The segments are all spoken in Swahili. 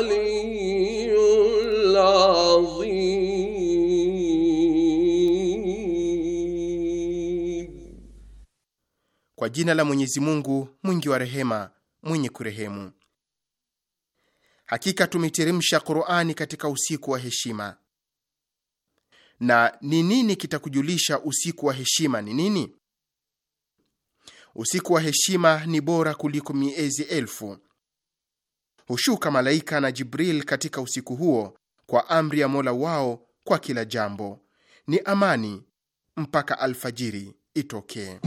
Kwa jina la Mwenyezi Mungu mwingi wa rehema mwenye kurehemu. Hakika tumeteremsha Qur'ani katika usiku wa heshima. Na ni nini kitakujulisha usiku wa heshima ni nini? Usiku wa heshima ni bora kuliko miezi elfu hushuka malaika na Jibril katika usiku huo kwa amri ya Mola wao kwa kila jambo. Ni amani mpaka alfajiri itokee.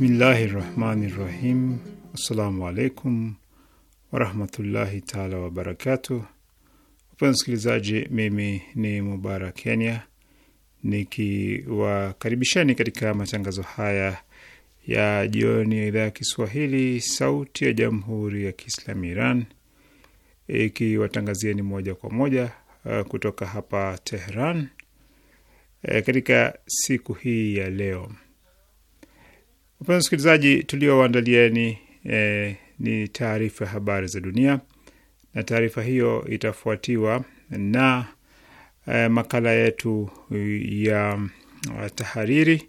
Bismillahi rahmani rahim. Assalamu alaikum warahmatullahi taala wabarakatuh. Wapenzi msikilizaji, mimi ni Mubarak Kenya nikiwakaribishani katika matangazo haya ya jioni ya idhaa ya Kiswahili sauti ya jamhuri ya Kiislamu Iran ikiwatangazieni moja kwa moja uh, kutoka hapa Tehran uh, katika siku hii ya leo Wapenzi wasikilizaji, tulioandalieni e, eh, ni taarifa ya habari za dunia, na taarifa hiyo itafuatiwa na e, makala yetu ya eh, tahariri,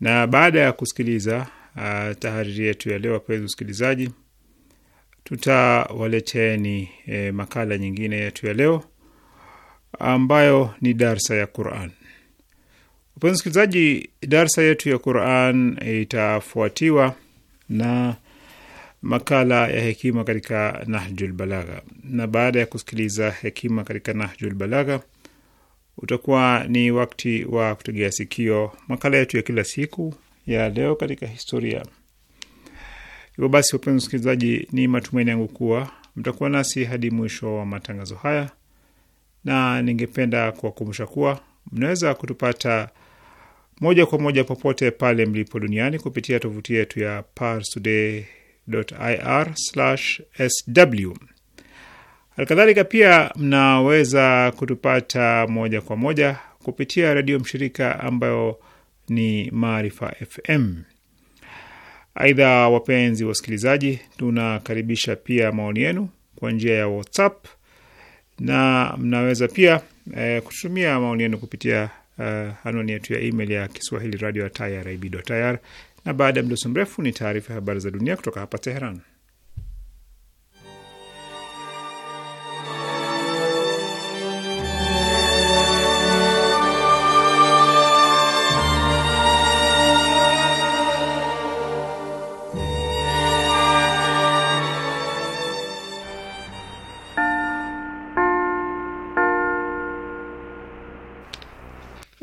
na baada ya kusikiliza a, tahariri yetu ya leo, wapenzi wasikilizaji, tutawaleteni e, makala nyingine yetu ya leo ambayo ni darsa ya Quran. Mpenzi msikilizaji, darsa yetu ya Quran itafuatiwa na makala ya hekima katika Nahjul Balagha, na baada ya kusikiliza hekima katika Nahjul Balagha utakuwa ni wakati wa kutegea sikio makala yetu ya kila siku ya leo katika historia. Hivyo basi, wapenzi msikilizaji, ni matumaini yangu kuwa mtakuwa nasi hadi mwisho wa matangazo haya, na ningependa kuwakumbusha kuwa mnaweza kutupata moja kwa moja popote pale mlipo duniani kupitia tovuti yetu ya parstoday.ir/sw. Halikadhalika pia mnaweza kutupata moja kwa moja kupitia redio mshirika ambayo ni Maarifa FM. Aidha, wapenzi wasikilizaji, tunakaribisha pia maoni yenu kwa njia ya WhatsApp na mnaweza pia e, eh, kutumia maoni yenu kupitia uh, anwani yetu ya email ya Kiswahili radio at irib.ir. Na baada ya mdoso mrefu ni taarifa ya habari za dunia kutoka hapa Teheran.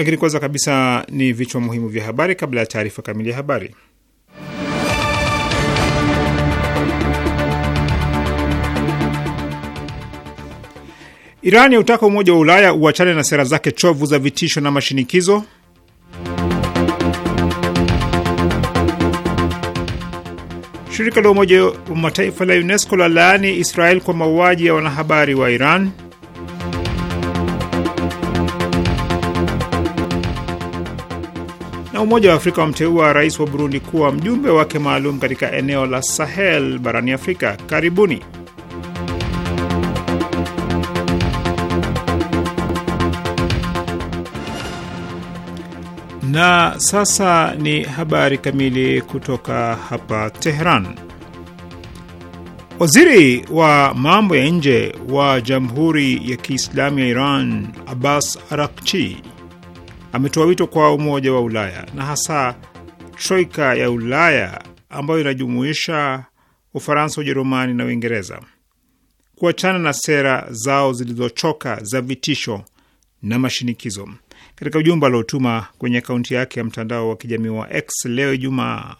Lakini kwanza kabisa ni vichwa muhimu vya habari kabla ya taarifa kamili ya habari. Iran yautaka Umoja wa Ulaya uachane na sera zake chovu za vitisho na mashinikizo. Shirika la Umoja wa Mataifa la UNESCO la laani Israel kwa mauaji ya wanahabari wa Iran. Na Umoja wa Afrika wamteua rais wa Burundi kuwa mjumbe wake maalum katika eneo la Sahel barani Afrika. Karibuni. Na sasa ni habari kamili kutoka hapa Teheran. Waziri wa mambo ya nje wa Jamhuri ya Kiislamu ya Iran Abbas Arakchi ametoa wito kwa Umoja wa Ulaya na hasa troika ya Ulaya ambayo inajumuisha Ufaransa, Ujerumani na Uingereza kuachana na sera zao zilizochoka za vitisho na mashinikizo. Katika ujumbe aliotuma kwenye akaunti yake ya mtandao wa kijamii wa X leo Ijumaa,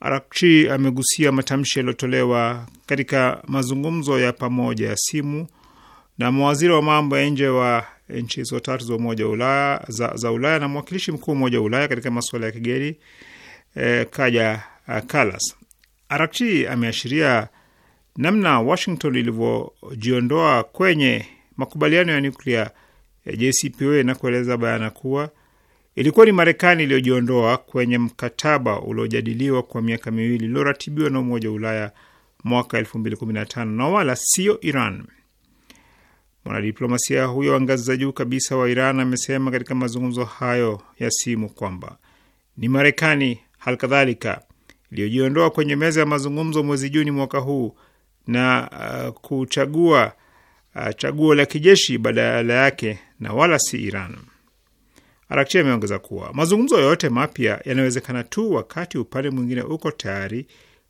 Arakchi amegusia matamshi yaliyotolewa katika mazungumzo ya pamoja ya simu na mawaziri wa mambo ya nje wa nchi hizo tatu za umoja Ulaya, za, za Ulaya na mwakilishi mkuu umoja wa Ulaya katika masuala ya kigeni eh, Kaja eh, Kalas. Arakchi ameashiria namna Washington ilivyojiondoa kwenye makubaliano ya nuklia ya eh, JCPOA na kueleza bayana kuwa ilikuwa ni Marekani iliyojiondoa kwenye mkataba uliojadiliwa kwa miaka miwili ulioratibiwa na Umoja wa Ulaya mwaka 2015 na wala sio Iran. Mwanadiplomasia huyo wa ngazi za juu kabisa wa Iran amesema katika mazungumzo hayo ya simu kwamba ni Marekani hali kadhalika iliyojiondoa kwenye meza ya mazungumzo mwezi Juni mwaka huu na uh, kuchagua uh, chaguo la kijeshi badala yake na wala si Iran. Arakchi ameongeza kuwa mazungumzo yoyote mapya yanawezekana tu wakati upande mwingine uko tayari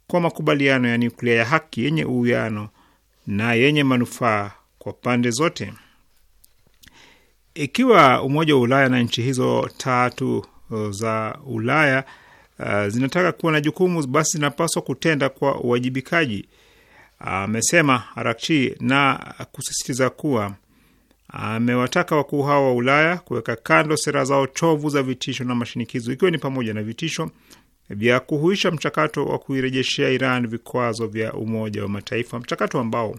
kwa makubaliano ya nyuklia ya haki yenye uwiano na yenye manufaa kwa pande zote. Ikiwa Umoja wa Ulaya na nchi hizo tatu uh, za Ulaya uh, zinataka kuwa na jukumu, basi zinapaswa kutenda kwa uwajibikaji, amesema uh, Arakchi na kusisitiza kuwa amewataka wakuu hao wa Ulaya kuweka kando sera zao chovu za vitisho na mashinikizo, ikiwa ni pamoja na vitisho vya kuhuisha mchakato wa kuirejeshea Iran vikwazo vya Umoja wa Mataifa, mchakato ambao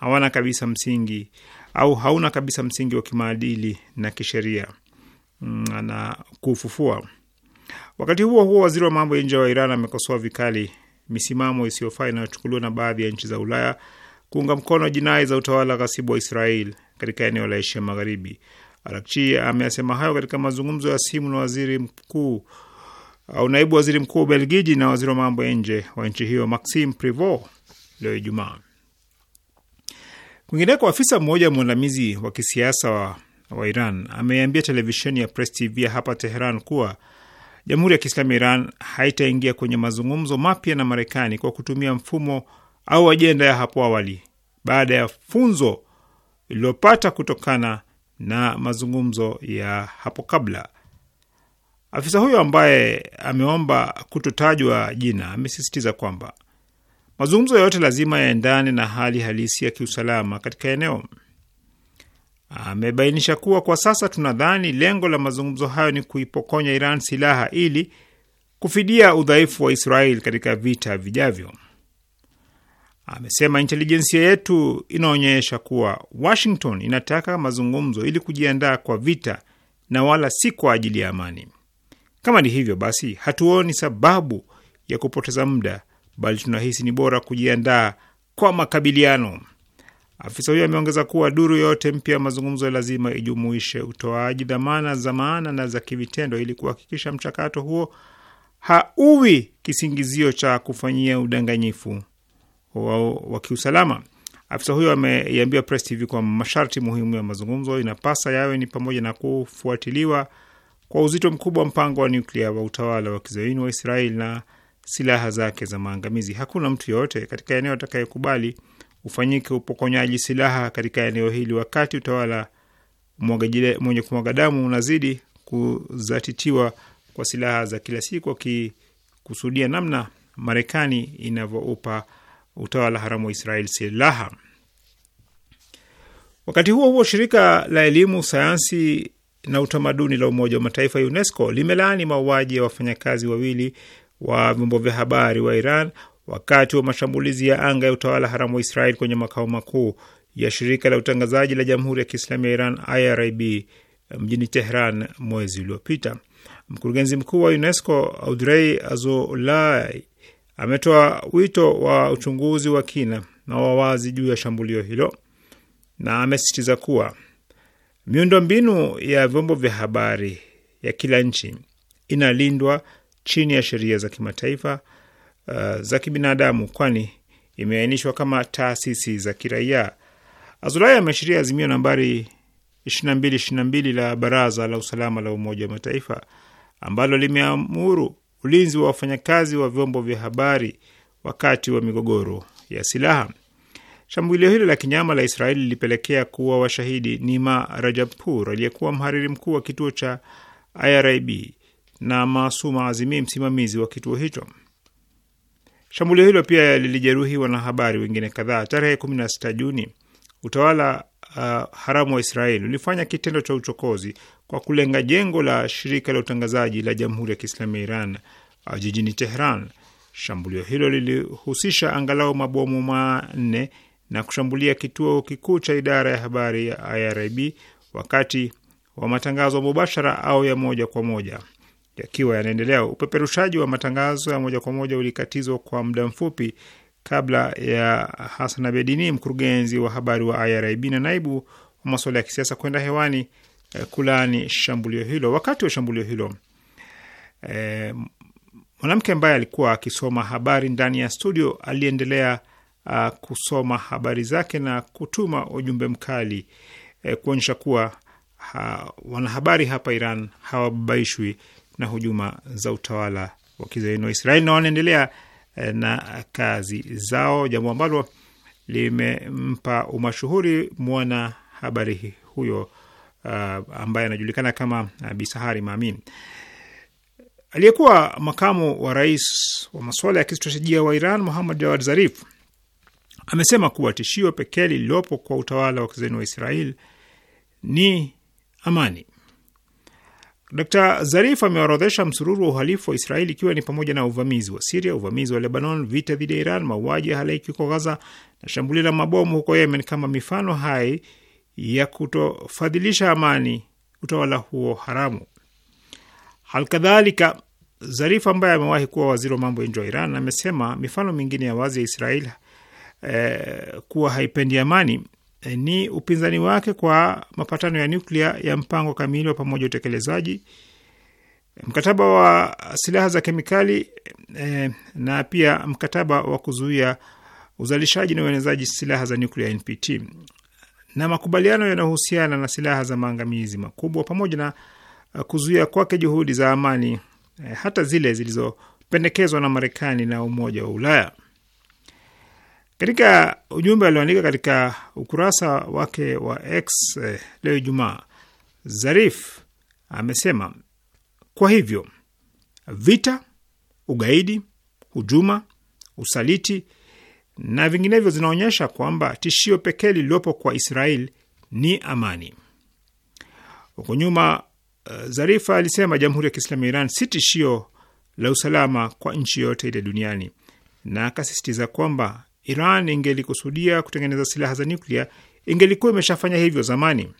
hawana kabisa msingi au hauna kabisa msingi wa kimaadili na kisheria mm, na kufufua. Wakati huo huo, waziri wa mambo ya nje wa Iran amekosoa vikali misimamo isiyofaa inayochukuliwa na baadhi ya nchi za Ulaya kuunga mkono jinai za utawala ghasibu wa Israel katika eneo la Asia Magharibi. Arakchi ameyasema hayo katika mazungumzo ya simu na waziri mkuu au naibu waziri mkuu wa Belgiji na waziri wa mambo ya nje wa nchi hiyo Maxime Prevot leo Ijumaa. Kwingineko, afisa mmoja mwandamizi wa kisiasa wa, wa Iran ameambia televisheni ya Press TV hapa Teheran kuwa Jamhuri ya Kiislamu ya Iran haitaingia kwenye mazungumzo mapya na Marekani kwa kutumia mfumo au ajenda ya hapo awali baada ya funzo iliyopata kutokana na mazungumzo ya hapo kabla. Afisa huyo ambaye ameomba kutotajwa jina amesisitiza kwamba Mazungumzo yote lazima yaendane na hali halisi ya kiusalama katika eneo. Amebainisha kuwa kwa sasa tunadhani lengo la mazungumzo hayo ni kuipokonya Iran silaha ili kufidia udhaifu wa Israel katika vita vijavyo. Amesema intelijensia yetu inaonyesha kuwa Washington inataka mazungumzo ili kujiandaa kwa vita na wala si kwa ajili ya amani. Kama ni hivyo basi, hatuoni sababu ya kupoteza muda bali tunahisi ni bora kujiandaa kwa makabiliano. Afisa huyo ameongeza kuwa duru yote mpya ya mazungumzo lazima ijumuishe utoaji dhamana za maana na za kivitendo ili kuhakikisha mchakato huo hauwi kisingizio cha kufanyia udanganyifu wa, wa kiusalama. Afisa huyo ameiambia Press TV kwamba masharti muhimu ya mazungumzo inapasa yawe ni pamoja na kufuatiliwa kwa uzito mkubwa mpango wa nyuklia wa utawala wa kizayuni wa Israeli na silaha zake za maangamizi. Hakuna mtu yoyote katika eneo atakayekubali ufanyike upokonyaji silaha katika eneo hili, wakati utawala mwenye kumwaga damu unazidi kuzatitiwa kwa silaha za kila siku, akikusudia namna Marekani inavyoupa utawala haramu wa Israel silaha. Wakati huo huo, shirika la elimu, sayansi na utamaduni la Umoja wa Mataifa, UNESCO, limelaani mauaji ya wafanyakazi wawili wa vyombo vya habari wa Iran wakati wa mashambulizi ya anga ya utawala haramu wa Israel kwenye makao makuu ya shirika la utangazaji la Jamhuri ya Kiislamu ya Iran IRIB mjini Tehran mwezi uliopita. Mkurugenzi mkuu wa UNESCO Audrey Azoulay ametoa wito wa uchunguzi wa kina na wawazi juu ya shambulio hilo na amesisitiza kuwa miundo mbinu ya vyombo vya habari ya kila nchi inalindwa chini ya sheria za kimataifa uh, za kibinadamu, kwani imeainishwa kama taasisi za kiraia. Azulai ameashiria azimio nambari 2222 la Baraza la Usalama la Umoja wa Mataifa ambalo limeamuru ulinzi wa wafanyakazi wa vyombo vya habari wakati wa migogoro ya silaha. Shambulio hilo la kinyama la Israeli lilipelekea kuwa washahidi Nima Rajabpur, aliyekuwa mhariri mkuu wa kituo cha IRIB na Maasuma Azimi, msimamizi wa kituo hicho. Shambulio hilo pia lilijeruhi wanahabari wengine kadhaa. Tarehe 16 Juni, utawala uh, haramu wa Israeli ulifanya kitendo cha uchokozi kwa kulenga jengo la shirika la utangazaji la Jamhuri ya Kiislamu ya Iran uh, jijini Tehran. Shambulio hilo lilihusisha angalau mabomu manne na kushambulia kituo kikuu cha idara ya habari ya IRIB wakati wa matangazo mubashara au ya moja kwa moja yakiwa yanaendelea, upeperushaji wa matangazo ya moja kwa moja ulikatizwa kwa muda mfupi kabla ya Hasan Abedini, mkurugenzi wa habari wa IRIB na naibu wa masuala ya kisiasa, kwenda hewani eh, kulaani shambulio hilo. Wakati wa shambulio hilo eh, mwanamke ambaye alikuwa akisoma habari ndani ya studio aliendelea uh, kusoma habari zake na kutuma ujumbe mkali eh, kuonyesha kuwa ha, ah, wanahabari hapa Iran hawababaishwi na hujuma za utawala wa kizayuni wa Israeli na wanaendelea eh, na kazi zao, jambo ambalo limempa umashuhuri mwana habari huyo uh, ambaye anajulikana kama Bisahari mamin Aliyekuwa makamu wa rais wa masuala ya kistratejia wa Iran Muhammad Jawad Zarif amesema kuwa tishio pekee lililopo kwa utawala wa kizayuni wa Israeli ni amani. Dkt Zarif ameorodhesha msururu wa uhalifu wa Israeli ikiwa ni pamoja na uvamizi wa Siria, uvamizi wa Lebanon, vita dhidi ya Iran, mauaji ya halaiki huko Gaza na shambulio la mabomu huko Yemen kama mifano hai ya kutofadhilisha amani utawala huo haramu. Halkadhalika, Zarif ambaye amewahi kuwa waziri wa mambo ya nje wa Iran amesema mifano mingine ya wazi ya Israeli eh, kuwa haipendi amani Eh, ni upinzani wake kwa mapatano ya nyuklia ya mpango kamili wa pamoja utekelezaji, eh, mkataba wa silaha za kemikali eh, na pia mkataba wa kuzuia uzalishaji na uenezaji silaha za nyuklia NPT na makubaliano yanayohusiana na silaha za maangamizi makubwa, pamoja na eh, kuzuia kwake juhudi za amani eh, hata zile zilizopendekezwa na Marekani na Umoja wa Ulaya. Katika ujumbe alioandika katika ukurasa wake wa X eh, leo Ijumaa, Zarif amesema kwa hivyo vita, ugaidi, hujuma, usaliti na vinginevyo zinaonyesha kwamba tishio pekee lililopo kwa Israel ni amani. Huko nyuma, eh, Zarifa alisema Jamhuri ya Kiislamu ya Iran si tishio la usalama kwa nchi yoyote ile duniani, na akasisitiza kwamba Iran ingelikusudia kutengeneza silaha za nyuklia ingelikuwa imeshafanya hivyo zamani.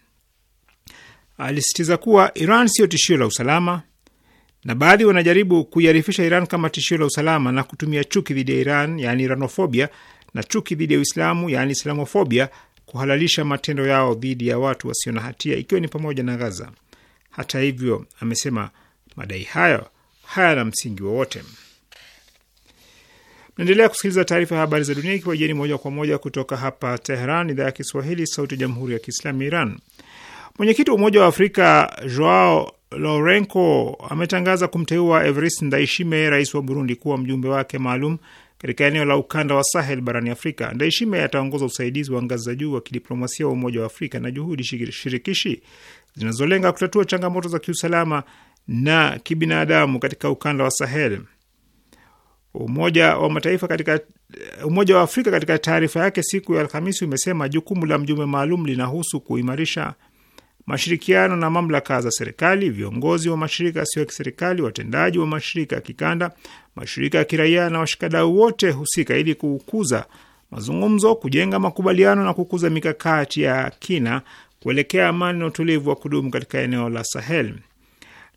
Alisisitiza kuwa Iran siyo tishio la usalama, na baadhi wanajaribu kuiarifisha Iran kama tishio la usalama na kutumia chuki dhidi ya Iran, yani Iranofobia, na chuki dhidi ya Uislamu, yani Islamofobia, kuhalalisha matendo yao dhidi ya watu wasio na hatia, ikiwa ni pamoja na Gaza. Hata hivyo, amesema madai hayo hayana msingi wowote. Naendelea kusikiliza taarifa ya habari za dunia ikiwa jeni moja kwa moja kutoka hapa Teheran, idhaa ya Kiswahili, sauti ya jamhuri ya kiislamu Iran. Mwenyekiti wa Umoja wa Afrika Joao Lourenco ametangaza kumteua Evariste Ndayishimiye, rais wa Burundi, kuwa mjumbe wake maalum katika eneo la ukanda wa Sahel barani Afrika. Ndayishimiye ataongoza usaidizi wa ngazi za juu wa kidiplomasia wa Umoja wa Afrika na juhudi shirikishi zinazolenga kutatua changamoto za kiusalama na kibinadamu katika ukanda wa Sahel. Umoja wa Mataifa katika Umoja wa Afrika katika taarifa yake siku ya Alhamisi umesema jukumu la mjumbe maalum linahusu kuimarisha mashirikiano na mamlaka za serikali, viongozi wa mashirika yasiyo ya kiserikali, watendaji wa mashirika ya kikanda, mashirika ya kiraia na washikadau wote husika, ili kukuza mazungumzo, kujenga makubaliano na kukuza mikakati ya kina kuelekea amani na utulivu wa kudumu katika eneo la Sahel.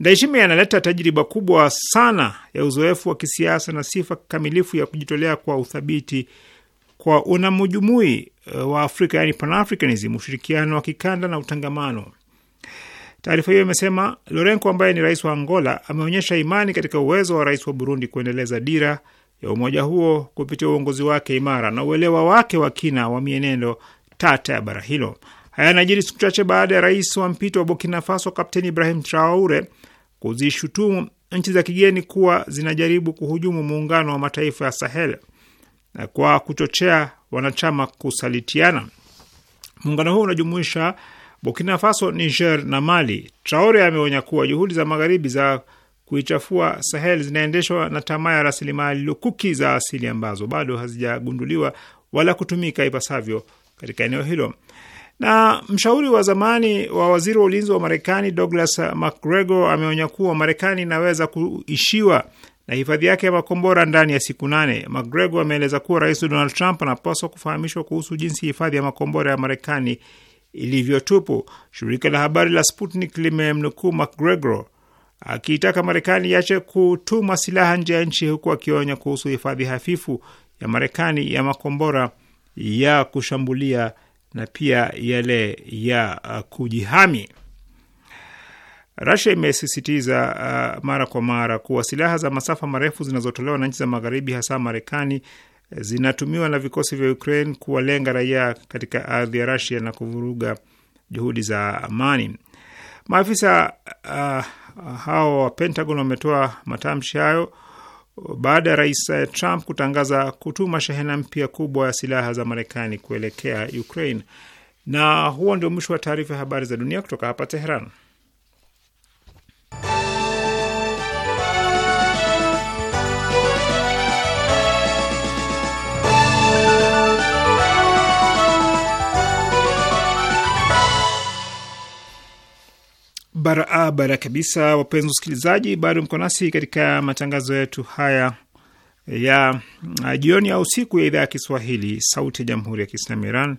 Ndayishimiye analeta tajriba kubwa sana ya uzoefu wa kisiasa na sifa kamilifu ya kujitolea kwa uthabiti kwa unamujumui eh, wa Afrika, yani Panafricanism, ushirikiano wa kikanda na utangamano. Taarifa hiyo imesema Lorenko ambaye ni rais wa Angola ameonyesha imani katika uwezo wa rais wa Burundi kuendeleza dira ya umoja huo kupitia uongozi wake imara na uelewa wake wa kina wa mienendo tata ya bara hilo. Haya yanajiri siku chache baada ya rais wa mpito wa Burkina Faso Kapteni Ibrahim Traore kuzishutumu nchi za kigeni kuwa zinajaribu kuhujumu muungano wa mataifa ya Sahel kwa kuchochea wanachama kusalitiana. Muungano huo unajumuisha Burkina Faso, Niger na Mali. Traore ameonya kuwa juhudi za magharibi za kuichafua Sahel zinaendeshwa na tamaa ya rasilimali lukuki za asili ambazo bado hazijagunduliwa wala kutumika ipasavyo katika eneo hilo. Na mshauri wa zamani wa waziri wa ulinzi wa Marekani Douglas mcgrego ameonya kuwa Marekani inaweza kuishiwa na hifadhi yake ya makombora ndani ya siku nane. McGregor ameeleza kuwa Rais Donald Trump anapaswa kufahamishwa kuhusu jinsi hifadhi ya makombora ya Marekani ilivyotupu. Shirika la habari la Sputnik limemnukuu McGregor akiitaka Marekani iache kutuma silaha nje ya nchi, huku akionya kuhusu hifadhi hafifu ya Marekani ya makombora ya kushambulia na pia yale ya uh, kujihami. Rasia imesisitiza uh, mara kwa mara kuwa silaha za masafa marefu zinazotolewa na nchi za Magharibi, hasa Marekani, zinatumiwa na vikosi vya Ukraine kuwalenga raia katika ardhi ya Rasia na kuvuruga juhudi za amani. Maafisa uh, hao wa Pentagon wametoa matamshi hayo baada ya rais eh, Trump kutangaza kutuma shehena mpya kubwa ya silaha za Marekani kuelekea Ukraine. Na huo ndio mwisho wa taarifa ya habari za dunia kutoka hapa Teheran. barabara kabisa, wapenzi wasikilizaji, bado mko nasi katika matangazo yetu haya ya uh, jioni au siku ya idhaa ya Kiswahili sauti ya jamhuri ya Kiislamu Iran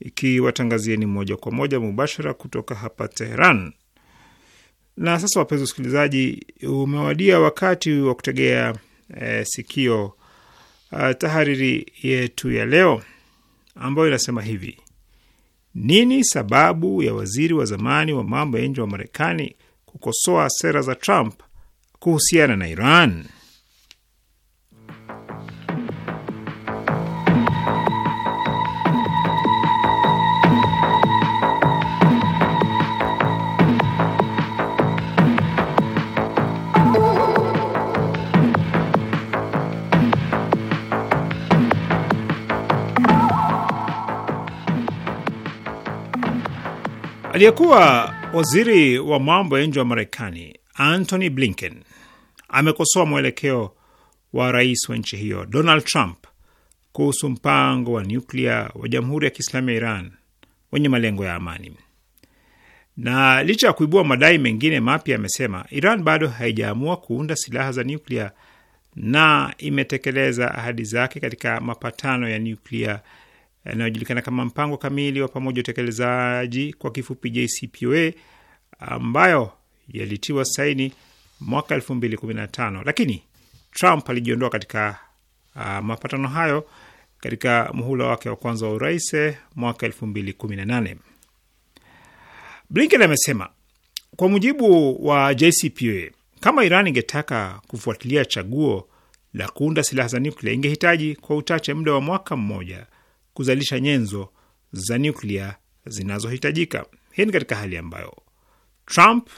ikiwatangazieni moja kwa moja mubashara kutoka hapa Teheran. Na sasa, wapenzi wasikilizaji, umewadia wakati wa kutegea e, sikio a, uh, tahariri yetu ya leo ambayo inasema hivi: nini sababu ya waziri wa zamani wa mambo ya nje wa Marekani kukosoa sera za Trump kuhusiana na Iran? Aliyekuwa waziri wa mambo ya nje wa Marekani Antony Blinken amekosoa mwelekeo wa rais wa nchi hiyo Donald Trump kuhusu mpango wa nyuklia wa Jamhuri ya Kiislamu ya Iran wenye malengo ya amani, na licha ya kuibua madai mengine mapya, amesema Iran bado haijaamua kuunda silaha za nyuklia na imetekeleza ahadi zake katika mapatano ya nyuklia yanayojulikana kama mpango kamili wa pamoja utekelezaji kwa kifupi JCPOA, ambayo yalitiwa saini mwaka 2015 lakini Trump alijiondoa katika uh, mapatano hayo katika muhula wake wa kwanza wa urais eh, mwaka 2018. Blinken amesema kwa mujibu wa JCPOA, kama Iran ingetaka kufuatilia chaguo la kuunda silaha za nyuklia ingehitaji kwa uchache muda wa mwaka mmoja kuzalisha nyenzo za nyuklia zinazohitajika. Hii ni katika hali ambayo Trump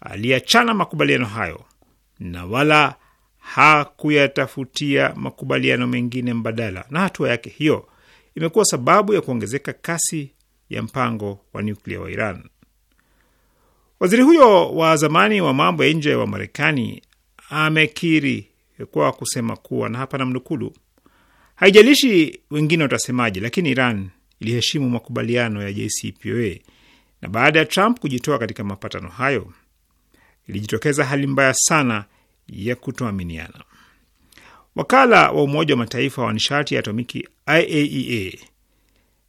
aliachana makubaliano hayo na wala hakuyatafutia makubaliano mengine mbadala, na hatua yake hiyo imekuwa sababu ya kuongezeka kasi ya mpango wa nyuklia wa Iran. Waziri huyo wa zamani wa mambo ya nje wa Marekani amekiri kwa kusema kuwa na hapa namnukulu Haijalishi wengine watasemaje, lakini Iran iliheshimu makubaliano ya JCPOA na baada ya Trump kujitoa katika mapatano hayo ilijitokeza hali mbaya sana ya kutoaminiana. Wakala wa Umoja wa Mataifa wa nishati ya atomiki IAEA e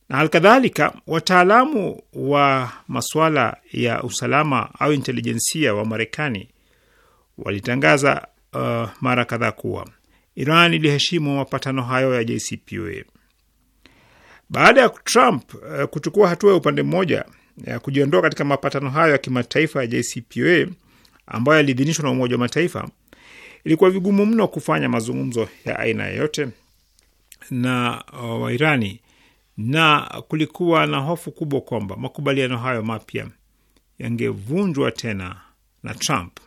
na halikadhalika wataalamu wa masuala ya usalama au intelijensia wa Marekani walitangaza uh, mara kadhaa kuwa Iran iliheshimu mapatano hayo ya JCPOA. Baada ya Trump eh, kuchukua hatua ya upande mmoja ya eh, kujiondoa katika mapatano hayo ya kimataifa ya JCPOA ambayo yaliidhinishwa na Umoja wa Mataifa, ilikuwa vigumu mno kufanya mazungumzo ya aina yoyote na eh, Wairani, na kulikuwa na hofu kubwa kwamba makubaliano hayo mapya yangevunjwa tena na Trump.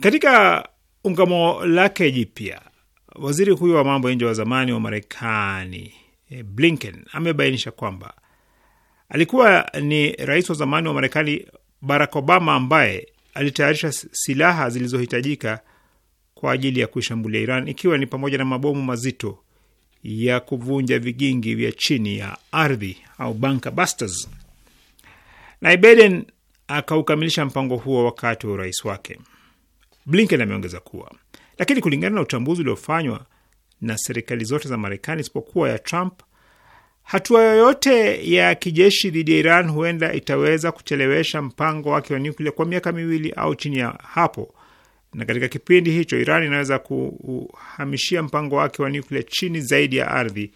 Katika ungamo lake jipya. Waziri huyo wa mambo ya nje wa zamani wa Marekani eh, Blinken amebainisha kwamba alikuwa ni rais wa zamani wa Marekani Barack Obama ambaye alitayarisha silaha zilizohitajika kwa ajili ya kuishambulia Iran, ikiwa ni pamoja na mabomu mazito ya kuvunja vigingi vya chini ya ardhi au bunker busters. Naye Biden akaukamilisha mpango huo wakati wa urais wake. Blinken ameongeza kuwa, lakini kulingana na utambuzi uliofanywa na serikali zote za Marekani isipokuwa ya Trump, hatua yoyote ya kijeshi dhidi ya Iran huenda itaweza kuchelewesha mpango wake wa nyuklia kwa miaka miwili au chini ya hapo, na katika kipindi hicho Iran inaweza kuhamishia mpango wake wa nyuklia chini zaidi ya ardhi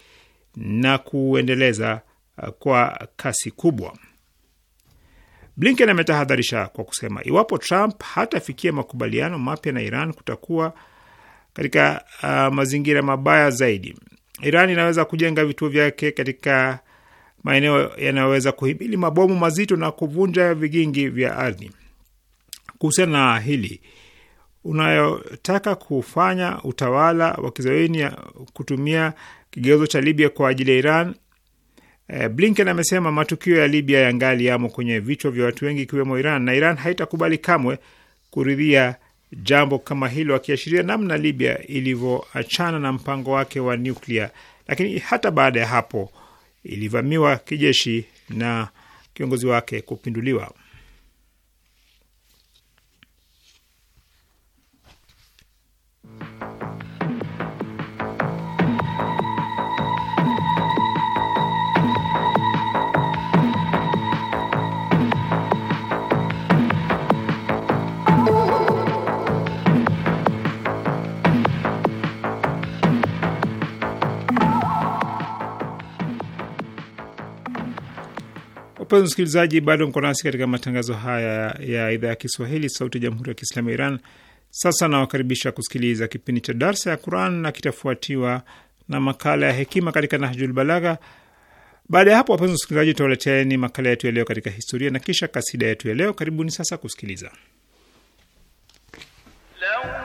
na kuuendeleza uh, kwa kasi kubwa. Blinken ametahadharisha kwa kusema iwapo Trump hatafikia makubaliano mapya na Iran kutakuwa katika uh, mazingira mabaya zaidi. Iran inaweza kujenga vituo vyake katika maeneo yanayoweza kuhimili mabomu mazito na kuvunja vigingi vya ardhi. Kuhusiana na hili, unayotaka kufanya utawala wa kizoeni kutumia kigezo cha Libya kwa ajili ya Iran Eh, Blinken amesema matukio ya Libya yangali yamo kwenye vichwa vya watu wengi ikiwemo Iran na Iran haitakubali kamwe kuridhia jambo kama hilo, akiashiria namna Libya ilivyoachana na mpango wake wa nuklia, lakini hata baada ya hapo ilivamiwa kijeshi na kiongozi wake kupinduliwa. Mpenzi msikilizaji, bado mko nasi katika matangazo haya ya idhaa ya Kiswahili, Sauti ya Jamhuri ya Kiislamu ya Iran. Sasa nawakaribisha kusikiliza kipindi cha darsa ya Quran na kitafuatiwa na makala ya hekima katika Nahjul Balagha. Baada ya hapo, wapenzi msikilizaji tutawaleteeni makala yetu ya leo katika historia na kisha kasida yetu ya leo. Karibuni sasa kusikiliza leo.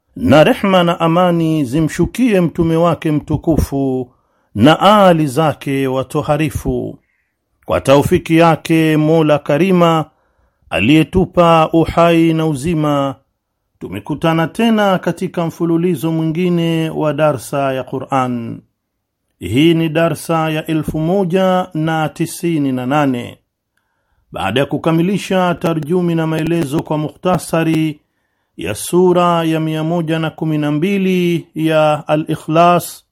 na rehma na amani zimshukie mtume wake mtukufu na aali zake watoharifu. Kwa taufiki yake Mola Karima aliyetupa uhai na uzima, tumekutana tena katika mfululizo mwingine wa darsa ya Qur'an. Hii ni darsa ya elfu moja na tisini na nane baada ya kukamilisha tarjumi na maelezo kwa mukhtasari ya sura ya 112 ya Al-Ikhlas.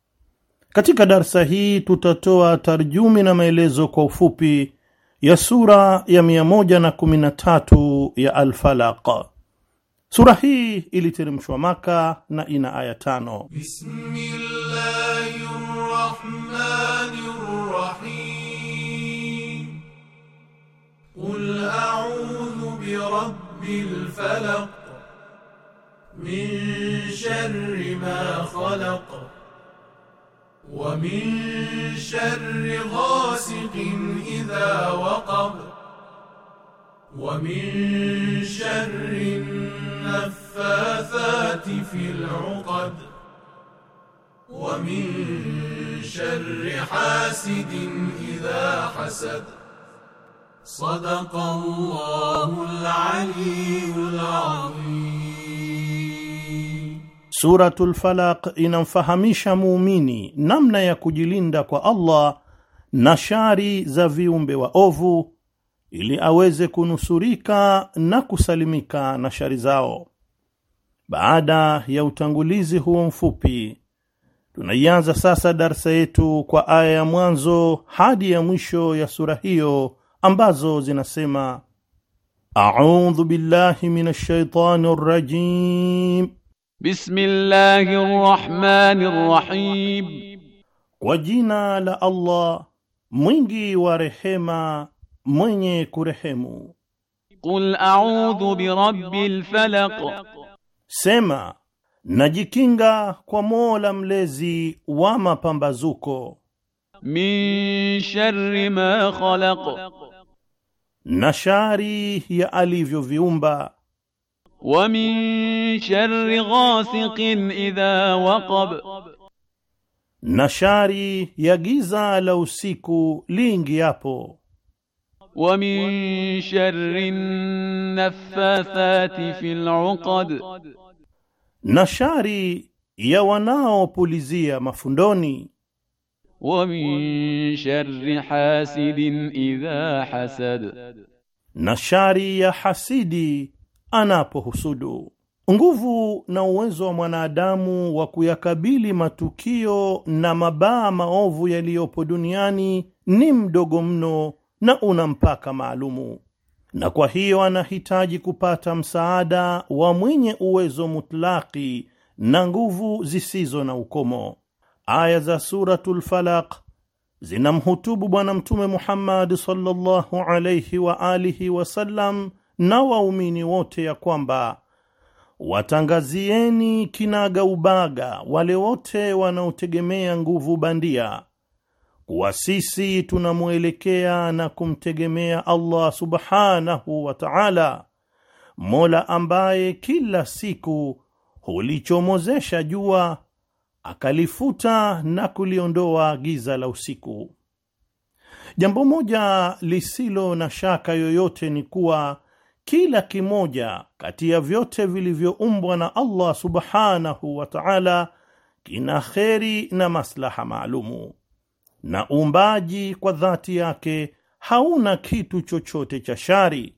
Katika darsa hii tutatoa tarjumi na maelezo kwa ufupi ya sura ya 113 ya Al-Falaq. Sura hii iliteremshwa Maka na ina aya tano. Bismillahirrahmanirrahim. Qul a'udhu rabbil falaq من شر ما خلق ومن شر غاسق إذا وقب ومن شر النفاثات في العقد ومن شر حاسد إذا حسد صدق الله العلي العظيم Suratul Falaq inamfahamisha muumini namna ya kujilinda kwa Allah na shari za viumbe wa ovu ili aweze kunusurika na kusalimika na shari zao. Baada ya utangulizi huo mfupi, tunaianza sasa darsa yetu kwa aya ya mwanzo hadi ya mwisho ya sura hiyo ambazo zinasema: audhu billahi minash shaitani rajim Bismillahir Rahmanir Rahim, kwa jina la Allah mwingi wa rehema mwenye kurehemu. Qul a'udhu bi rabbil falaq, sema najikinga kwa Mola mlezi wa mapambazuko. Min sharri ma khalaq, na shari ya alivyoviumba ومن شر غاسق إذا وقب نشاري يجيزا لو سيكو لينجيابو ومن شر النفاثات في العقد نشاري يا وناو بوليزيا مفندوني ومن شر حاسد إذا حسد نشاري يا حسيدي anapohusudu. Nguvu na uwezo wa mwanadamu wa kuyakabili matukio na mabaa maovu yaliyopo duniani ni mdogo mno na una mpaka maalumu, na kwa hiyo anahitaji kupata msaada wa mwenye uwezo mutlaki na nguvu zisizo na ukomo. Aya za Suratul Falaq zinamhutubu Bwana Mtume Muhammad sallallahu alayhi wa alihi wasallam na waumini wote ya kwamba watangazieni kinaga ubaga wale wote wanaotegemea nguvu bandia kuwa sisi tunamwelekea na kumtegemea Allah subhanahu wa ta'ala, Mola ambaye kila siku hulichomozesha jua akalifuta na kuliondoa giza la usiku. Jambo moja lisilo na shaka yoyote ni kuwa kila kimoja kati ya vyote vilivyoumbwa na Allah subhanahu wa ta'ala kina kheri na maslaha maalumu, na uumbaji kwa dhati yake hauna kitu chochote cha shari.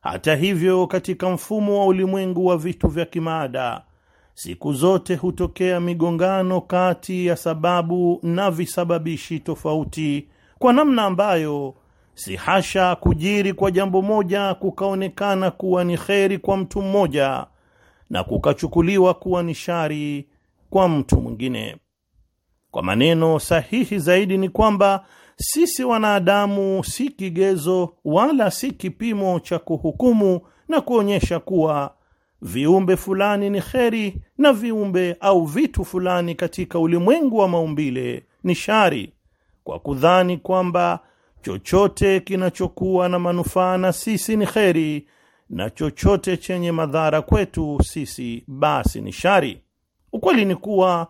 Hata hivyo, katika mfumo wa ulimwengu wa vitu vya kimaada, siku zote hutokea migongano kati ya sababu na visababishi tofauti, kwa namna ambayo Si hasha kujiri kwa jambo moja kukaonekana kuwa ni kheri kwa mtu mmoja na kukachukuliwa kuwa ni shari kwa mtu mwingine. Kwa maneno sahihi zaidi ni kwamba sisi wanadamu si kigezo wala si kipimo cha kuhukumu na kuonyesha kuwa viumbe fulani ni kheri na viumbe au vitu fulani katika ulimwengu wa maumbile ni shari, kwa kudhani kwamba chochote kinachokuwa na manufaa na sisi ni kheri, na chochote chenye madhara kwetu sisi basi ni shari. Ukweli ni kuwa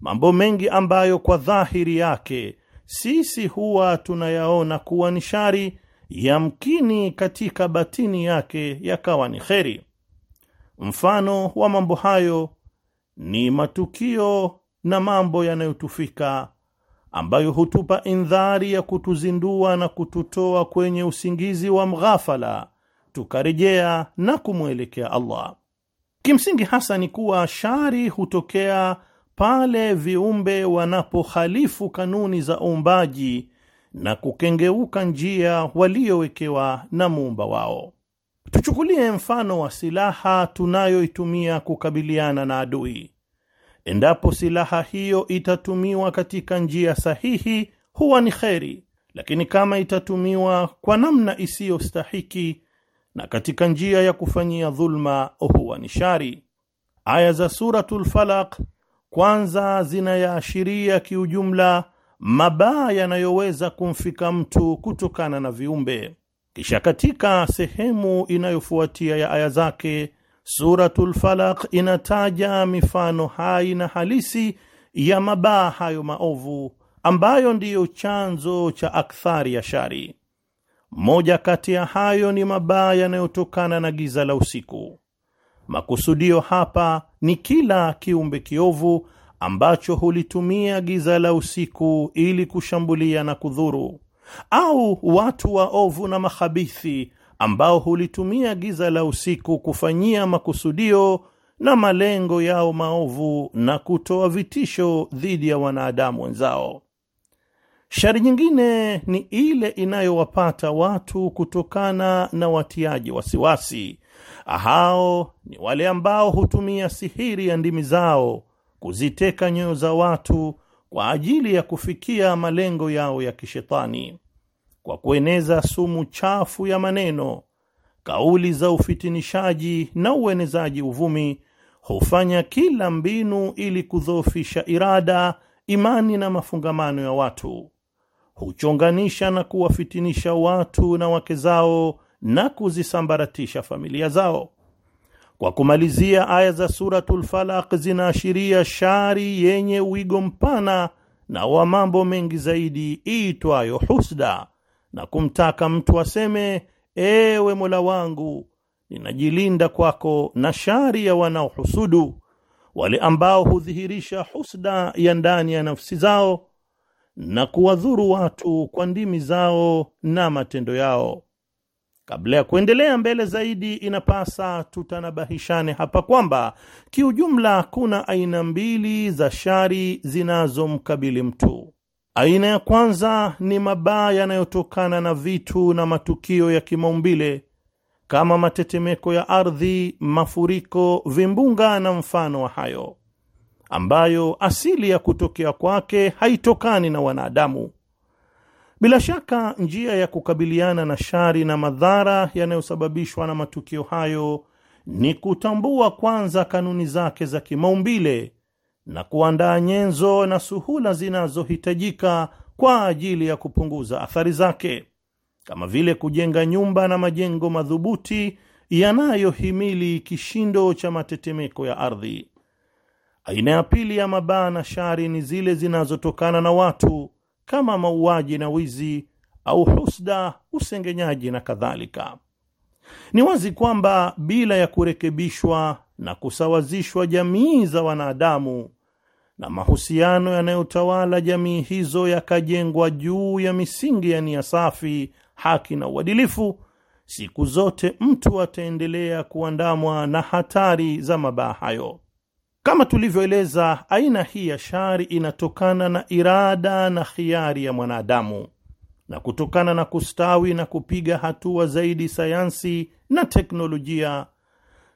mambo mengi ambayo kwa dhahiri yake sisi huwa tunayaona kuwa ni shari, yamkini katika batini yake yakawa ni kheri. Mfano wa mambo hayo ni matukio na mambo yanayotufika ambayo hutupa indhari ya kutuzindua na kututoa kwenye usingizi wa mghafala, tukarejea na kumwelekea Allah. Kimsingi hasa ni kuwa shari hutokea pale viumbe wanapohalifu kanuni za uumbaji na kukengeuka njia waliowekewa na muumba wao. Tuchukulie mfano wa silaha tunayoitumia kukabiliana na adui. Endapo silaha hiyo itatumiwa katika njia sahihi huwa ni kheri, lakini kama itatumiwa kwa namna isiyostahiki na katika njia ya kufanyia dhulma huwa ni shari. Aya za Suratul Falaq kwanza zinayaashiria kiujumla mabaya yanayoweza kumfika mtu kutokana na viumbe, kisha katika sehemu inayofuatia ya aya zake Suratul Falaq inataja mifano hai na halisi ya mabaa hayo maovu ambayo ndiyo chanzo cha akthari ya shari. Moja kati ya hayo ni mabaa yanayotokana na giza la usiku. Makusudio hapa ni kila kiumbe kiovu ambacho hulitumia giza la usiku ili kushambulia na kudhuru, au watu waovu na makhabithi ambao hulitumia giza la usiku kufanyia makusudio na malengo yao maovu na kutoa vitisho dhidi ya wanadamu wenzao. Shari nyingine ni ile inayowapata watu kutokana na watiaji wasiwasi. Hao ni wale ambao hutumia sihiri ya ndimi zao kuziteka nyoyo za watu kwa ajili ya kufikia malengo yao ya kishetani kwa kueneza sumu chafu ya maneno, kauli za ufitinishaji na uenezaji uvumi, hufanya kila mbinu ili kudhoofisha irada, imani na mafungamano ya watu, huchonganisha na kuwafitinisha watu na wake zao na kuzisambaratisha familia zao. Kwa kumalizia, aya za Suratul Falaq zinaashiria shari yenye wigo mpana na wa mambo mengi zaidi iitwayo husda na kumtaka mtu aseme, ewe Mola wangu, ninajilinda kwako na shari ya wanaohusudu, wale ambao hudhihirisha husda ya ndani ya nafsi zao na kuwadhuru watu kwa ndimi zao na matendo yao. Kabla ya kuendelea mbele zaidi, inapasa tutanabahishane hapa kwamba kiujumla kuna aina mbili za shari zinazomkabili mtu. Aina ya kwanza ni mabaa yanayotokana na vitu na matukio ya kimaumbile kama matetemeko ya ardhi, mafuriko, vimbunga na mfano wa hayo, ambayo asili ya kutokea kwake haitokani na wanadamu. Bila shaka, njia ya kukabiliana na shari na madhara yanayosababishwa na matukio hayo ni kutambua kwanza kanuni zake za kimaumbile na kuandaa nyenzo na suhula zinazohitajika kwa ajili ya kupunguza athari zake, kama vile kujenga nyumba na majengo madhubuti yanayohimili kishindo cha matetemeko ya ardhi. Aina ya pili ya mabaa na shari ni zile zinazotokana na watu kama mauaji na wizi au husda, usengenyaji na kadhalika. Ni wazi kwamba bila ya kurekebishwa na kusawazishwa jamii za wanadamu, na mahusiano yanayotawala jamii hizo yakajengwa juu ya misingi ya nia safi, haki na uadilifu, siku zote mtu ataendelea kuandamwa na hatari za mabaa hayo. Kama tulivyoeleza, aina hii ya shari inatokana na irada na hiari ya mwanadamu, na kutokana na kustawi na kupiga hatua zaidi sayansi na teknolojia,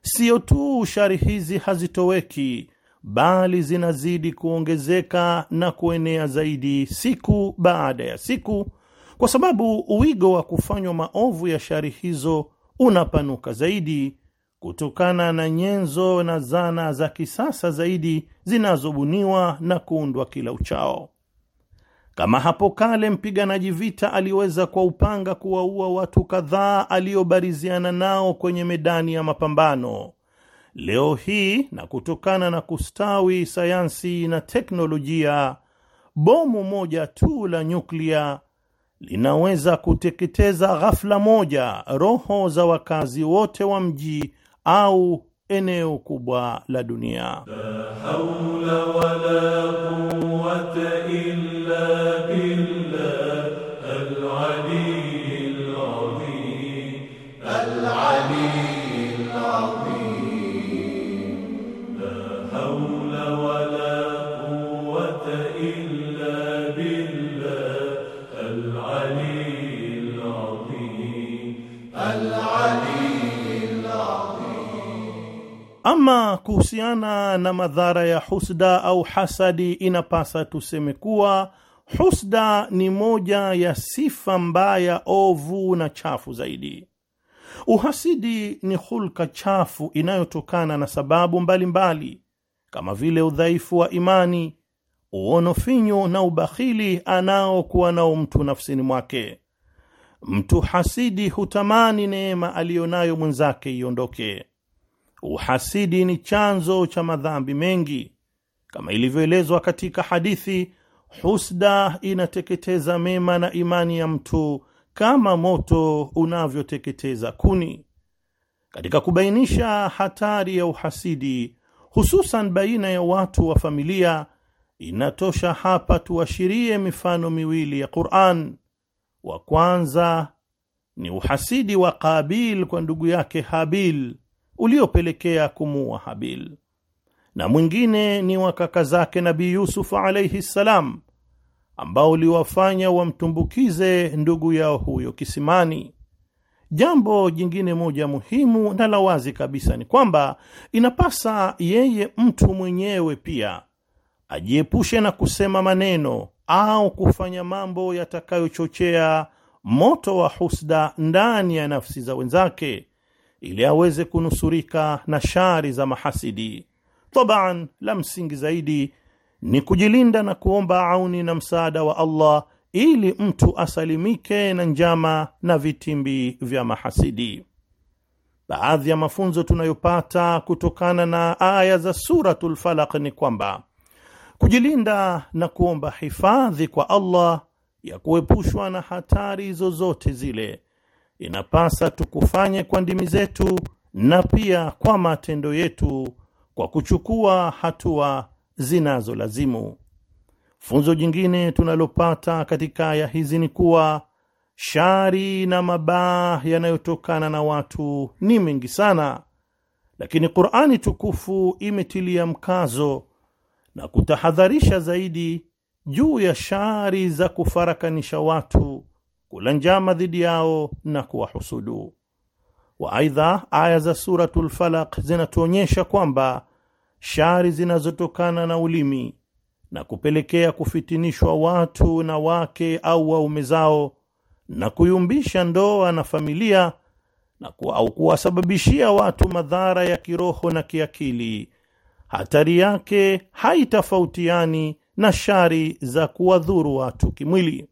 siyo tu shari hizi hazitoweki bali zinazidi kuongezeka na kuenea zaidi siku baada ya siku, kwa sababu uwigo wa kufanywa maovu ya shari hizo unapanuka zaidi kutokana na nyenzo na zana za kisasa zaidi zinazobuniwa na kuundwa kila uchao. Kama hapo kale mpiganaji vita aliweza kwa upanga kuwaua watu kadhaa aliobariziana nao kwenye medani ya mapambano, Leo hii na kutokana na kustawi sayansi na teknolojia, bomu moja tu la nyuklia linaweza kuteketeza ghafla moja roho za wakazi wote wa mji au eneo kubwa la dunia la Ama kuhusiana na madhara ya husda au hasadi, inapasa tuseme kuwa husda ni moja ya sifa mbaya, ovu na chafu zaidi. Uhasidi ni hulka chafu inayotokana na sababu mbalimbali mbali, kama vile udhaifu wa imani, uono finyu na ubakhili anaokuwa nao mtu nafsini mwake. Mtu hasidi hutamani neema aliyonayo mwenzake iondoke. Uhasidi ni chanzo cha madhambi mengi, kama ilivyoelezwa katika hadithi, husda inateketeza mema na imani ya mtu kama moto unavyoteketeza kuni. Katika kubainisha hatari ya uhasidi, hususan baina ya watu wa familia, inatosha hapa tuashirie mifano miwili ya Qur'an. Wa kwanza ni uhasidi wa Qabil kwa ndugu yake Habil uliopelekea kumuua Habil, na mwingine ni wa kaka zake Nabii Yusuf alaihi ssalam, ambao uliwafanya wamtumbukize ndugu yao huyo kisimani. Jambo jingine moja muhimu na la wazi kabisa ni kwamba inapasa yeye mtu mwenyewe pia ajiepushe na kusema maneno au kufanya mambo yatakayochochea moto wa husda ndani ya nafsi za wenzake ili aweze kunusurika na shari za mahasidi. Tabaan, la msingi zaidi ni kujilinda na kuomba auni na msaada wa Allah ili mtu asalimike na njama na vitimbi vya mahasidi. Baadhi ya mafunzo tunayopata kutokana na aya za Suratul Falaq ni kwamba kujilinda na kuomba hifadhi kwa Allah ya kuepushwa na hatari zozote zile inapasa tukufanye kwa ndimi zetu na pia kwa matendo yetu kwa kuchukua hatua zinazolazimu. Funzo jingine tunalopata katika aya hizi ni kuwa shari na mabaa yanayotokana na watu ni mengi sana, lakini Qur'ani tukufu imetilia mkazo na kutahadharisha zaidi juu ya shari za kufarakanisha watu kula njama dhidi yao na kuwahusudu wa. Aidha, aya za Suratul Falaq zinatuonyesha kwamba shari zinazotokana na ulimi na kupelekea kufitinishwa watu na wake au waume zao na kuyumbisha ndoa na familia na ku, au kuwasababishia watu madhara ya kiroho na kiakili, hatari yake haitofautiani na shari za kuwadhuru watu kimwili.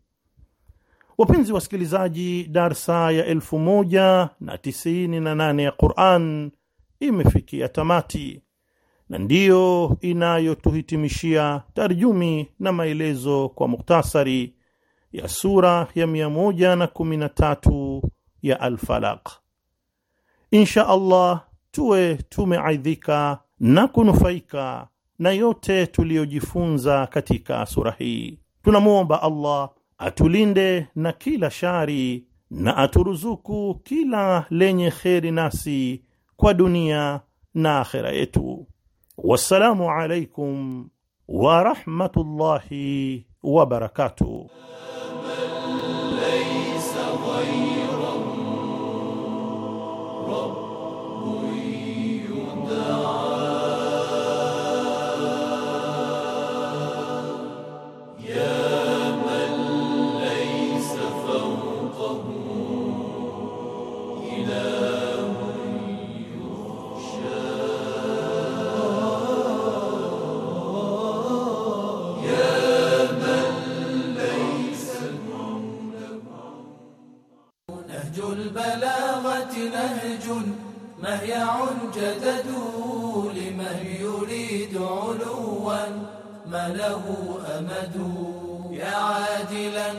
Wapenzi wasikilizaji, darsa ya elfu moja na tisini na nane ya Quran imefikia tamati na ndiyo inayotuhitimishia tarjumi na maelezo kwa muktasari ya sura ya tatu ya Alfalaq. Insha Allah tuwe tumeaidhika na kunufaika na yote tuliyojifunza katika sura hii. Tunamwomba Allah atulinde na kila shari na aturuzuku kila lenye kheri nasi kwa dunia na akhera yetu. Wassalamu alaikum warahmatullahi wabarakatuh. جددوا لمن يريد علوا ما له أمد يا عادلا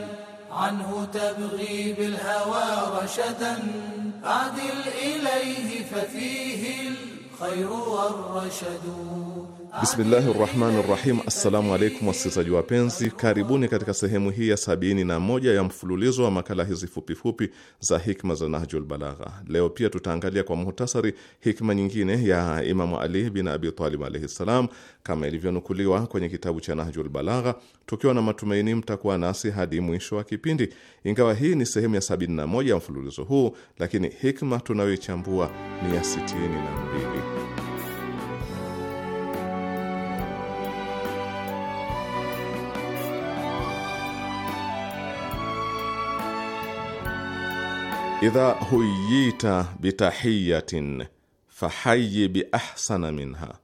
عنه تبغي بالهوى رشدا أعدل إليه ففيه الأمد Bismillahi rahmani rahim. Assalamu alaikum wasikilizaji wapenzi, karibuni katika sehemu hii ya sabini na moja ya mfululizo wa makala hizi fupifupi za hikma za Nahjul Balagha. Leo pia tutaangalia kwa muhtasari hikma nyingine ya Imamu Ali bin Abi Talib alaihi ssalam, kama ilivyonukuliwa kwenye kitabu cha Nahjul Balagha, tukiwa na matumaini mtakuwa nasi hadi mwisho wa kipindi. Ingawa hii ni sehemu ya sabini na moja ya mfululizo huu, lakini hikma tunayoichambua ni ya sitini na mbili. idha huyita bitahiyatin fahayi biahsana minha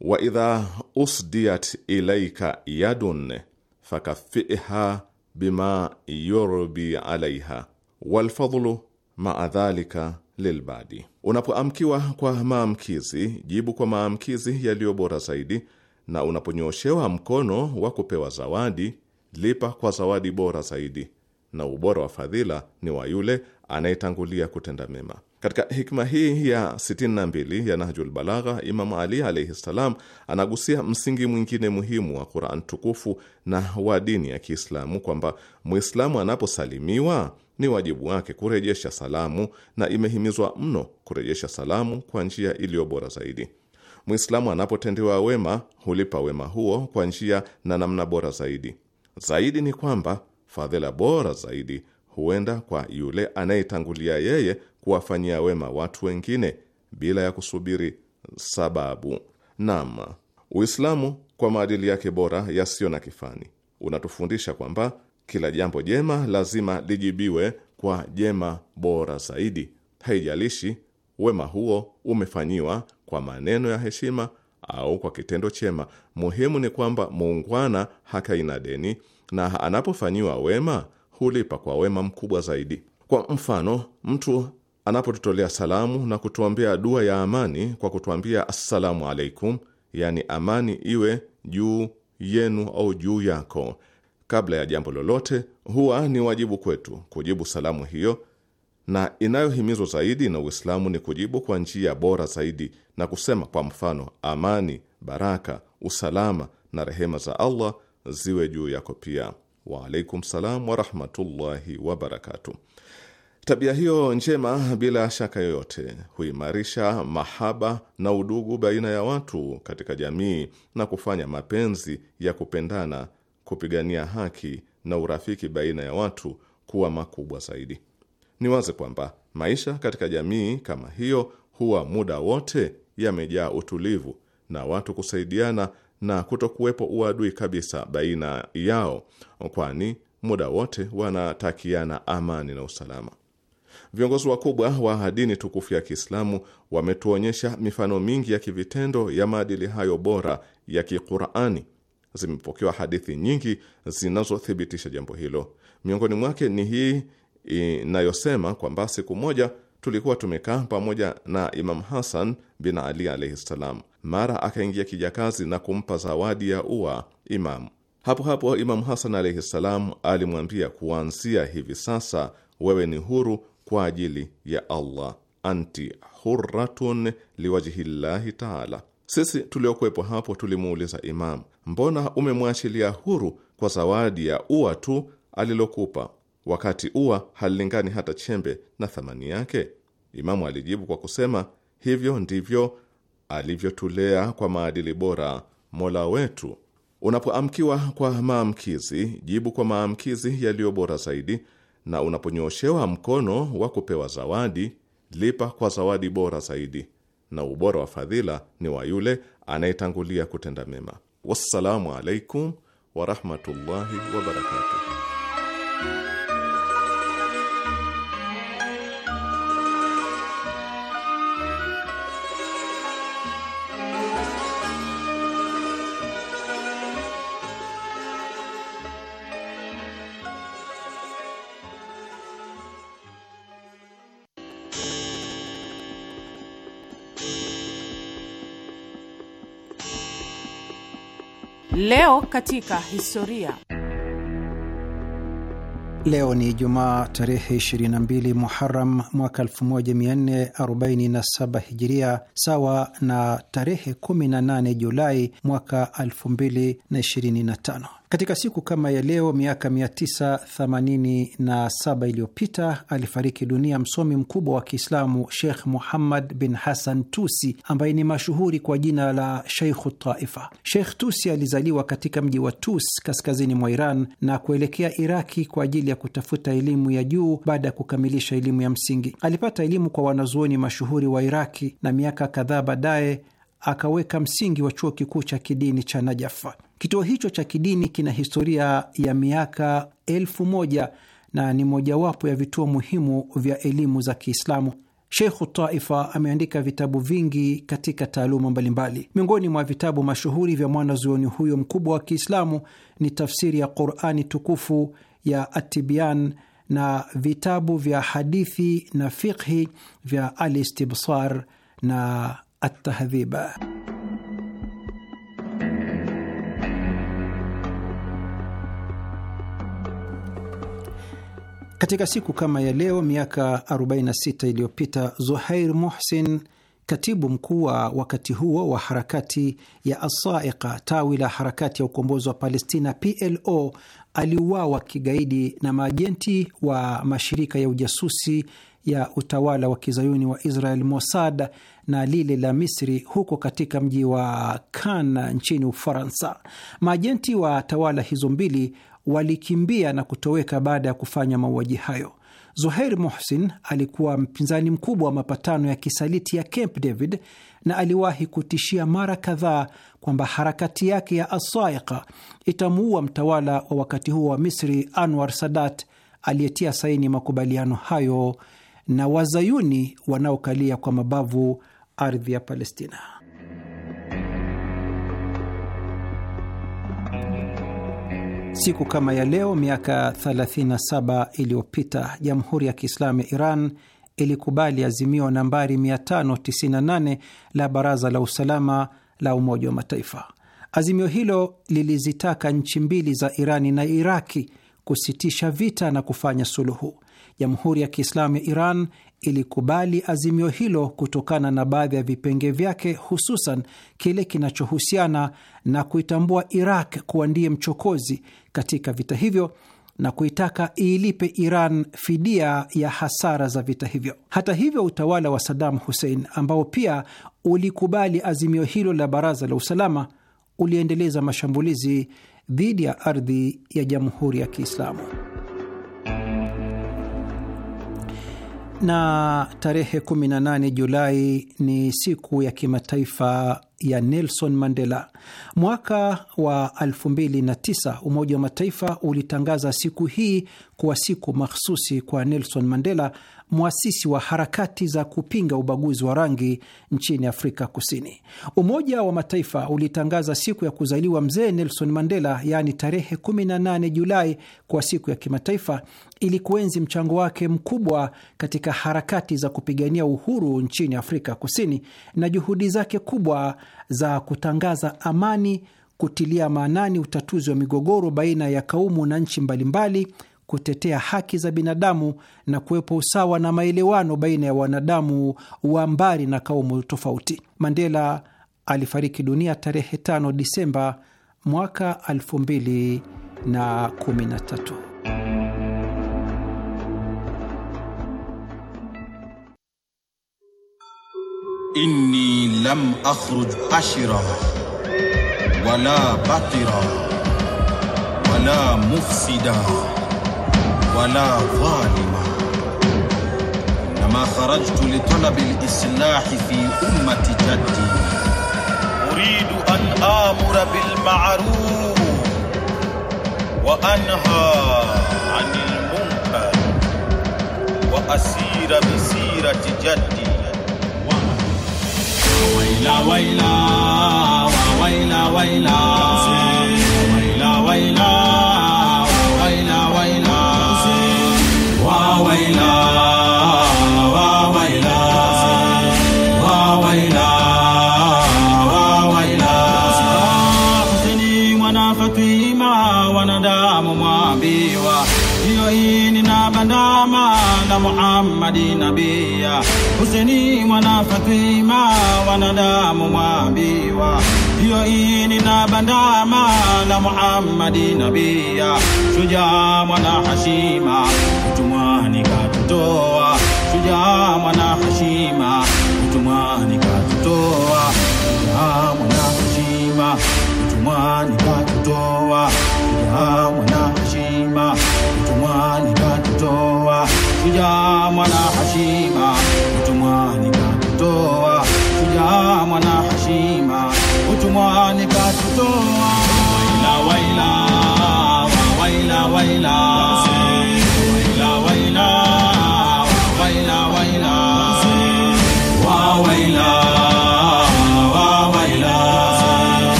wa idha usdiyat ilaika yadun fakaffiha bima yurbi alaiha walfadhlu maa dhalika lilbadi, unapoamkiwa kwa maamkizi jibu kwa maamkizi yaliyo bora zaidi, na unaponyoshewa mkono wa kupewa zawadi lipa kwa zawadi bora zaidi, na ubora wa fadhila ni wa yule anayetangulia kutenda mema. Katika hikma hii ya 62 ya Nahjul Balagha, Imamu Ali alaihi ssalam anagusia msingi mwingine muhimu wa Quran tukufu na wa dini ya Kiislamu kwamba mwislamu anaposalimiwa ni wajibu wake kurejesha salamu, na imehimizwa mno kurejesha salamu kwa njia iliyo bora zaidi. mwislamu anapotendewa wema hulipa wema huo kwa njia na namna bora zaidi. Zaidi ni kwamba fadhila bora zaidi huenda kwa yule anayetangulia yeye kuwafanyia wema watu wengine bila ya kusubiri sababu. Naam, Uislamu kwa maadili yake bora yasiyo na kifani unatufundisha kwamba kila jambo jema lazima lijibiwe kwa jema bora zaidi, haijalishi wema huo umefanyiwa kwa maneno ya heshima au kwa kitendo chema. Muhimu ni kwamba muungwana hakaina deni, na anapofanyiwa wema hulipa kwa wema mkubwa zaidi. Kwa mfano, mtu anapotutolea salamu na kutuambia dua ya amani kwa kutuambia assalamu alaikum, yaani amani iwe juu yenu au juu yako, kabla ya jambo lolote, huwa ni wajibu kwetu kujibu salamu hiyo, na inayohimizwa zaidi na Uislamu ni kujibu kwa njia bora zaidi na kusema kwa mfano, amani, baraka, usalama na rehema za Allah ziwe juu yako pia. Waalaikum salam warahmatullahi wabarakatu. Tabia hiyo njema bila shaka yoyote huimarisha mahaba na udugu baina ya watu katika jamii na kufanya mapenzi ya kupendana, kupigania haki na urafiki baina ya watu kuwa makubwa zaidi. Ni wazi kwamba maisha katika jamii kama hiyo huwa muda wote yamejaa utulivu na watu kusaidiana na kutokuwepo uadui kabisa baina yao, kwani muda wote wanatakiana amani na usalama. Viongozi wakubwa wa dini tukufu ya Kiislamu wametuonyesha mifano mingi ya kivitendo ya maadili hayo bora ya Kiqurani. Zimepokewa hadithi nyingi zinazothibitisha jambo hilo. Miongoni mwake ni hii inayosema kwamba siku moja tulikuwa tumekaa pamoja na Imam Hasan bin Ali alaihi ssalam mara akaingia kijakazi na kumpa zawadi ya ua Imamu. Hapo hapo Imamu Hasan alaihi ssalam alimwambia, kuanzia hivi sasa wewe ni huru kwa ajili ya Allah, anti hurratun liwajhillahi taala. Sisi tuliokuwepo hapo tulimuuliza Imamu, mbona umemwachilia huru kwa zawadi ya ua tu alilokupa, wakati ua halilingani hata chembe na thamani yake? Imamu alijibu kwa kusema, hivyo ndivyo alivyotulea kwa maadili bora Mola wetu. Unapoamkiwa kwa maamkizi, jibu kwa maamkizi yaliyo bora zaidi, na unaponyoshewa mkono wa kupewa zawadi, lipa kwa zawadi bora zaidi, na ubora wa fadhila ni wa yule anayetangulia kutenda mema. Wassalamu alaikum warahmatullahi wabarakatuh. Leo katika historia. Leo ni Jumaa tarehe 22 Muharam mwaka 1447 Hijiria, sawa na tarehe 18 Julai mwaka 2025. Katika siku kama ya leo miaka 987 iliyopita alifariki dunia msomi mkubwa wa Kiislamu Sheikh Muhammad bin Hassan Tusi ambaye ni mashuhuri kwa jina la Sheikhu Taifa. Sheikh Tusi alizaliwa katika mji wa Tus kaskazini mwa Iran na kuelekea Iraki kwa ajili ya kutafuta elimu ya juu. Baada ya kukamilisha elimu ya msingi, alipata elimu kwa wanazuoni mashuhuri wa Iraki na miaka kadhaa baadaye akaweka msingi wa chuo kikuu cha kidini cha Najaf. Kituo hicho cha kidini kina historia ya miaka elfu moja na ni mojawapo ya vituo muhimu vya elimu za Kiislamu. Sheikhu Taifa ameandika vitabu vingi katika taaluma mbalimbali. Miongoni mwa vitabu mashuhuri vya mwanazuoni huyo mkubwa wa Kiislamu ni tafsiri ya Qurani tukufu ya Atibian na vitabu vya hadithi na fiqhi vya Alistibsar na Atahdhiba. Katika siku kama ya leo miaka 46 iliyopita Zuhair Muhsin, katibu mkuu wa wakati huo wa harakati ya Asaika, tawi la harakati ya ukombozi wa Palestina PLO, aliuawa kigaidi na maajenti wa mashirika ya ujasusi ya utawala wa kizayuni wa Israel Mossad na lile la Misri huko katika mji wa kan nchini Ufaransa. Maajenti wa tawala hizo mbili walikimbia na kutoweka baada ya kufanya mauaji hayo. Zuhair Mohsin alikuwa mpinzani mkubwa wa mapatano ya kisaliti ya Camp David na aliwahi kutishia mara kadhaa kwamba harakati yake ya Asaika itamuua mtawala wa wakati huo wa Misri Anwar Sadat aliyetia saini makubaliano hayo na wazayuni wanaokalia kwa mabavu ardhi ya Palestina. Siku kama ya leo miaka 37 iliyopita Jamhuri ya Kiislamu ya Iran ilikubali azimio nambari 598 la Baraza la Usalama la Umoja wa Mataifa. Azimio hilo lilizitaka nchi mbili za Irani na Iraki kusitisha vita na kufanya suluhu. Jamhuri ya Kiislamu ya Iran ilikubali azimio hilo kutokana na baadhi ya vipenge vyake, hususan kile kinachohusiana na kuitambua Iraq kuwa ndiye mchokozi katika vita hivyo na kuitaka iilipe Iran fidia ya hasara za vita hivyo. Hata hivyo, utawala wa Saddam Hussein ambao pia ulikubali azimio hilo la Baraza la Usalama uliendeleza mashambulizi dhidi ya ardhi ya Jamhuri ya Kiislamu. na tarehe 18 Julai ni siku ya kimataifa ya Nelson Mandela. Mwaka wa 2009 Umoja wa Mataifa ulitangaza siku hii kuwa siku mahsusi kwa Nelson Mandela mwasisi wa harakati za kupinga ubaguzi wa rangi nchini Afrika Kusini. Umoja wa Mataifa ulitangaza siku ya kuzaliwa mzee Nelson Mandela, yaani tarehe 18 Julai, kwa siku ya kimataifa ili kuenzi mchango wake mkubwa katika harakati za kupigania uhuru nchini Afrika Kusini na juhudi zake kubwa za kutangaza amani, kutilia maanani utatuzi wa migogoro baina ya kaumu na nchi mbalimbali kutetea haki za binadamu na kuwepo usawa na maelewano baina ya wanadamu wa mbari na kaumu tofauti. Mandela alifariki dunia tarehe 5 Disemba mwaka 2013. Inni lam akhruj ashira wala batira wala mufsida ولا ظالما إنما خرجت لطلب الإصلاح في أمة جدي أريد أن آمر بالمعروف وأنهى عن المنكر وأسير بسيرة جدي ويلا ويلا ويلا ويلا محمد نبيا شجاع منا حشيما utumwani katutoa shujaa mwana heshima utumwani katutoa shujaa mwana heshima ni katutoa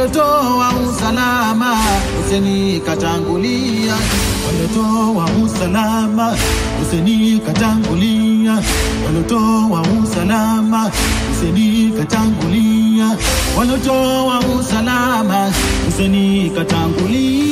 walotoa usalama Huseni katangulia, walotoa usalama Huseni katangulia, walotoa usalama Huseni katangulia, walotoa usalama Huseni katangulia